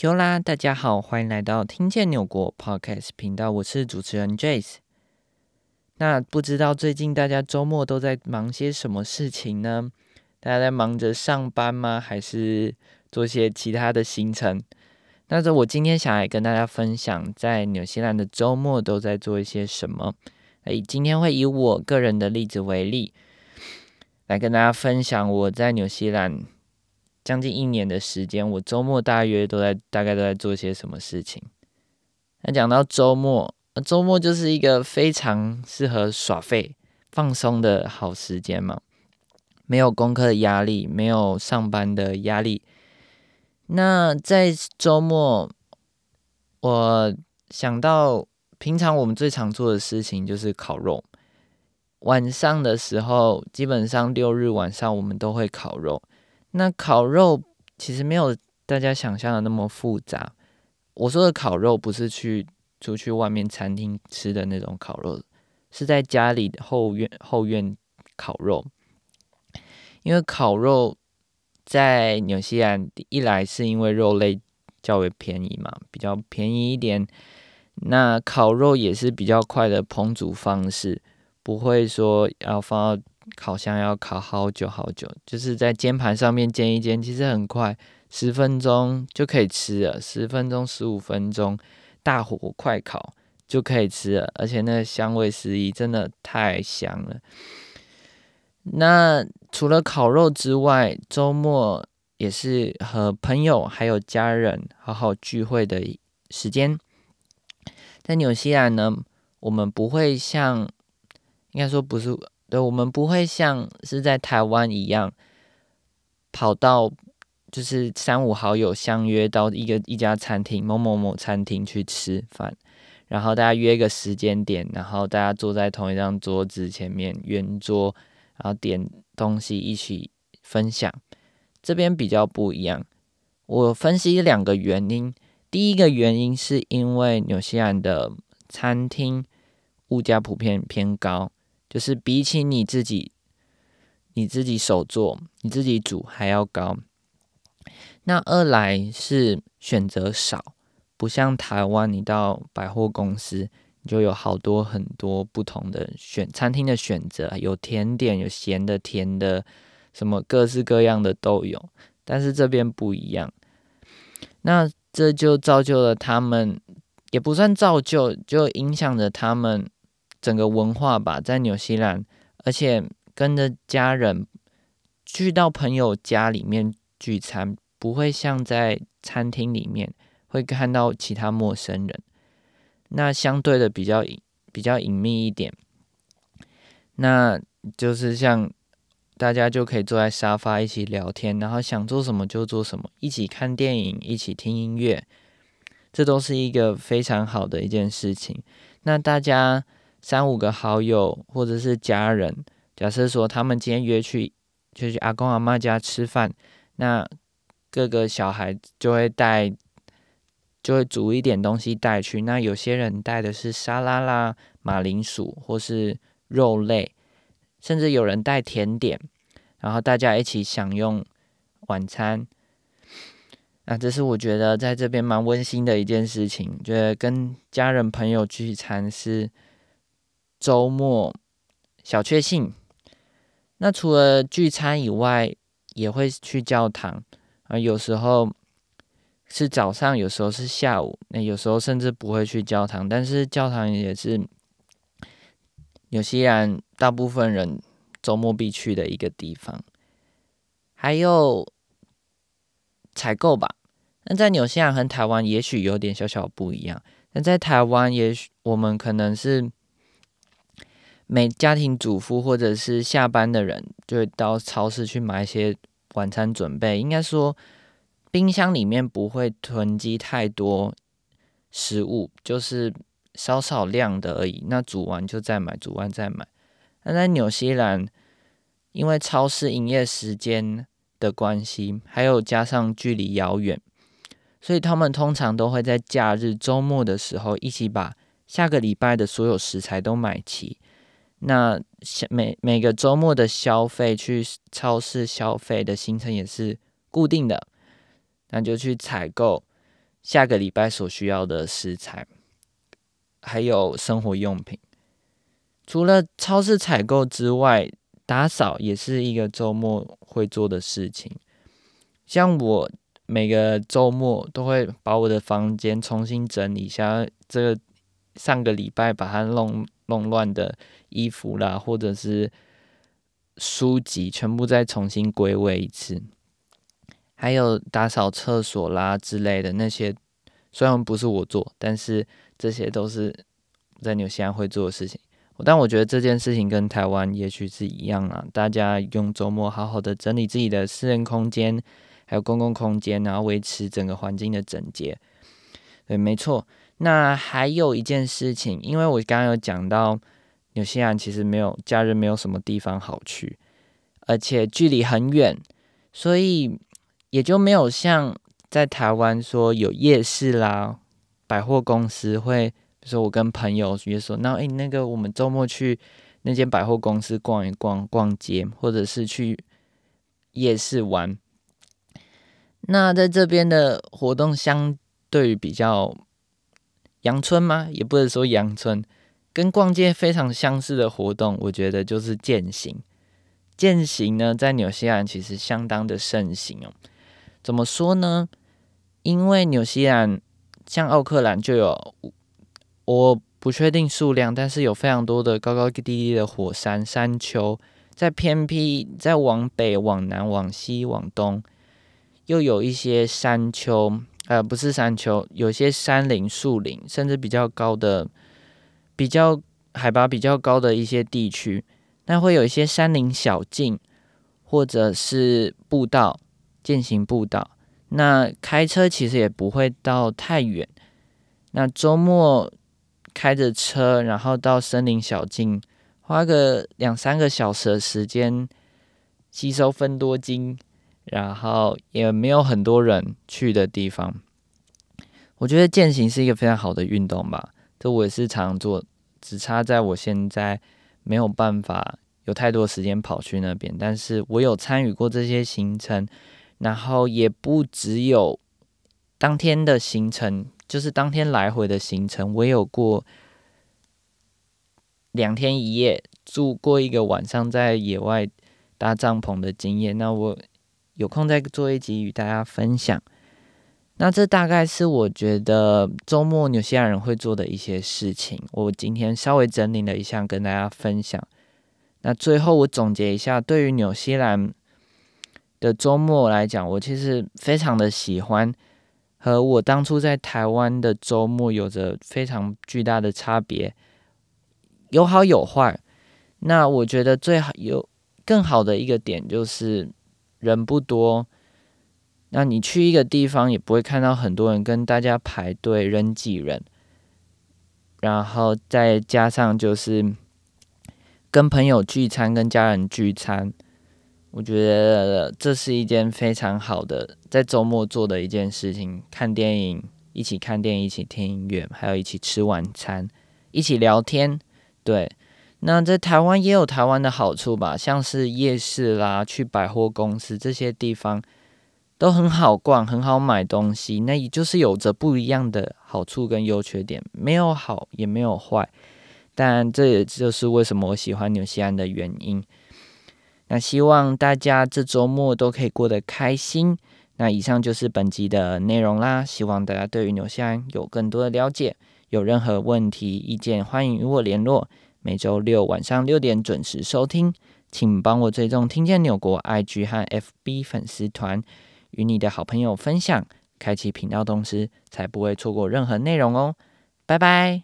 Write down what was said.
Q 啦，大家好，歡迎來到聽見紐國 Podcast 頻道，我是主持人 Jace。那不知道最近大家周末都在忙些什麼事情呢？大家在忙着上班嗎？還是做些其他的行程？那就，我今天想來跟大家分享，在紐西蘭的周末都在做一些什麼。哎，今天會以我個人的例子為例，來跟大家分享我在紐西蘭，將近一年的時間，我周末大約都在大概都在做些什麼事情。那講到周末，周末就是一個非常適合耍廢、放鬆的好時間嘛，沒有功課的壓力，沒有上班的壓力。那在周末，我想到平常我們最常做的事情就是烤肉。晚上的時候，基本上六日晚上我們都會烤肉。那烤肉其實沒有大家想象的那麼複雜。我說的烤肉不是去出去外面餐廳吃的那種烤肉，是在家裡後院後院烤肉。因為烤肉在紐西蘭一來是因為肉類較為便宜嘛，比較便宜一點。那烤肉也是比較快的烹煮方式，不會說要放到。烤箱要烤好久好久，就是在煎盤上面煎一煎，其實很快，十分鐘就可以吃了，十分鐘十五分鐘，大火快烤就可以吃了，而且那個香味四溢真的太香了。那除了烤肉之外，週末也是和朋友還有家人好好聚會的時間。在紐西蘭呢，我們不會像，應該說不是。對，我們不會像是在台灣一樣，跑到就是三五好友相約到一個一家餐廳某某某餐廳去吃飯，然後大家約一個時間點，然後大家坐在同一張桌子前面圓桌，然後點東西一起分享。這邊比較不一樣，我分析兩個原因，第一個原因是因為紐西蘭的餐廳物價普遍偏高。就是比起你自己，你自己手做，你自己煮還要高。那二來是選擇少，不像台灣，你到百貨公司你就有好多很多不同的選餐廳的選擇，有甜點，有鹹的、甜的，什麼各式各樣的都有。但是這邊不一樣，那這就造就了他們，也不算造就，就影響着他們。整個文化吧，在紐西蘭，而且跟着家人去到朋友家裡面聚餐，不會像在餐廳裡面會看到其他陌生人。那相對的比較比較隱秘一點，那就是像大家就可以坐在沙發一起聊天，然後想做什麼就做什麼，一起看電影，一起聽音樂，這都是一個非常好的一件事情。那大家。三五個好友或者是家人，假設說他們今天約去，就去阿公阿嬤家吃飯，那各個小孩就會帶，就會煮一點東西帶去。那有些人帶的是沙拉啦、馬鈴薯或是肉類，甚至有人帶甜點，然後大家一起享用晚餐。那這是我覺得在這邊蠻溫馨的一件事情，覺得跟家人朋友聚餐是。週末小確幸，那除了聚餐以外，也會去教堂啊。有時候是早上，有時候是下午。那、欸、有時候甚至不會去教堂，但是教堂也是紐西蘭大部分人週末必去的一個地方。還有採購吧。那在紐西蘭和台灣也許有點小小不一樣。那在台灣，也許我們可能是。每家庭主婦或者是下班的人，就會到超市去買一些晚餐準備。應該說，冰箱裡面不會囤積太多食物，就是少少量的而已。那煮完就再買，煮完再買。但在紐西蘭，因為超市營業時間的關係，還有加上距離遙遠，所以他們通常都會在假日周末的時候一起把下個禮拜的所有食材都買齊。那每每個週末的消費，去超市消費的行程也是固定的，那就去採購下個禮拜所需要的食材，還有生活用品。除了超市採購之外，打掃也是一個週末會做的事情。像我每個週末都會把我的房間重新整理一下，這個上個禮拜把它弄。弄亂的衣服啦，或者是書籍，全部再重新歸位一次。還有打掃廁所啦之類的那些，雖然不是我做，但是這些都是在紐西蘭會做的事情。但我覺得這件事情跟台灣也許是一樣啊，大家用周末好好的整理自己的私人空間，還有公共空間，然後維持整個環境的整潔。對，沒錯。那還有一件事情，因為我剛剛有講到紐西蘭其實沒有假日，沒有什麼地方好去，而且距離很遠，所以也就沒有像在台灣說有夜市啦、百貨公司會，比如說我跟朋友約說，那誒那個我們周末去那間百貨公司逛一逛，逛街，或者是去夜市玩。那在這邊的活動相對於比較。洋村嗎？也不能說洋村，跟逛街非常相似的活動，我覺得就是健行。健行呢，在紐西蘭其實相當的盛行哦。怎麼說呢？因為紐西蘭像奧克蘭就有，我不確定數量，但是有非常多的高高低低的火山山丘，在偏僻，在往北、往南、往西、往東，又有一些山丘。呃，不是山丘，有些山林、樹林，甚至比較高的、比較海拔比較高的一些地區，那會有一些山林小徑，或者是步道、健行步道。那開車其實也不會到太遠，那週末開着車，然後到森林小徑，花個兩三個小時的時間，吸收芬多精。然後也沒有很多人去的地方，我覺得健行是一個非常好的運動吧。這我也是常做，只差在我現在沒有辦法有太多時間跑去那邊。但是我有參與過這些行程，然後也不只有當天的行程，就是當天來回的行程。我有過兩天一夜住過一個晚上在野外搭帳篷的經驗。那我。有空再做一集與大家分享。那這大概是我覺得周末紐西蘭人會做的一些事情。我今天稍微整理了一下，跟大家分享。那最後我總結一下，對於紐西蘭的周末來講，我其實非常的喜歡，和我當初在台灣的周末有着非常巨大的差別，有好有壞。那我覺得最好有更好的一個點就是。人不多，那你去一個地方也不會看到很多人跟大家排隊人擠人。然後再加上就是跟朋友聚餐，跟家人聚餐，我覺得這是一件非常好的，在周末做的一件事情。看電影，一起看電影，一起聽音樂，還有一起吃晚餐，一起聊天，對。那在台灣也有台灣的好處吧，像是夜市啦、去百貨公司這些地方都很好逛、很好買東西。那也就是有着不一樣的好處跟優缺點，沒有好也沒有壞。但這也就是為什麼我喜歡紐西蘭的原因。那希望大家這周末都可以過得開心。那以上就是本集的內容啦，希望大家對於紐西蘭有更多的了解。有任何問題、意見，歡迎與我聯絡。每週六晚上六點準時收聽，請幫我追蹤聽見紐國 I G 和 F B 粉絲團，與你的好朋友分享，開啟頻道通知，才不會錯過任何內容哦。拜拜。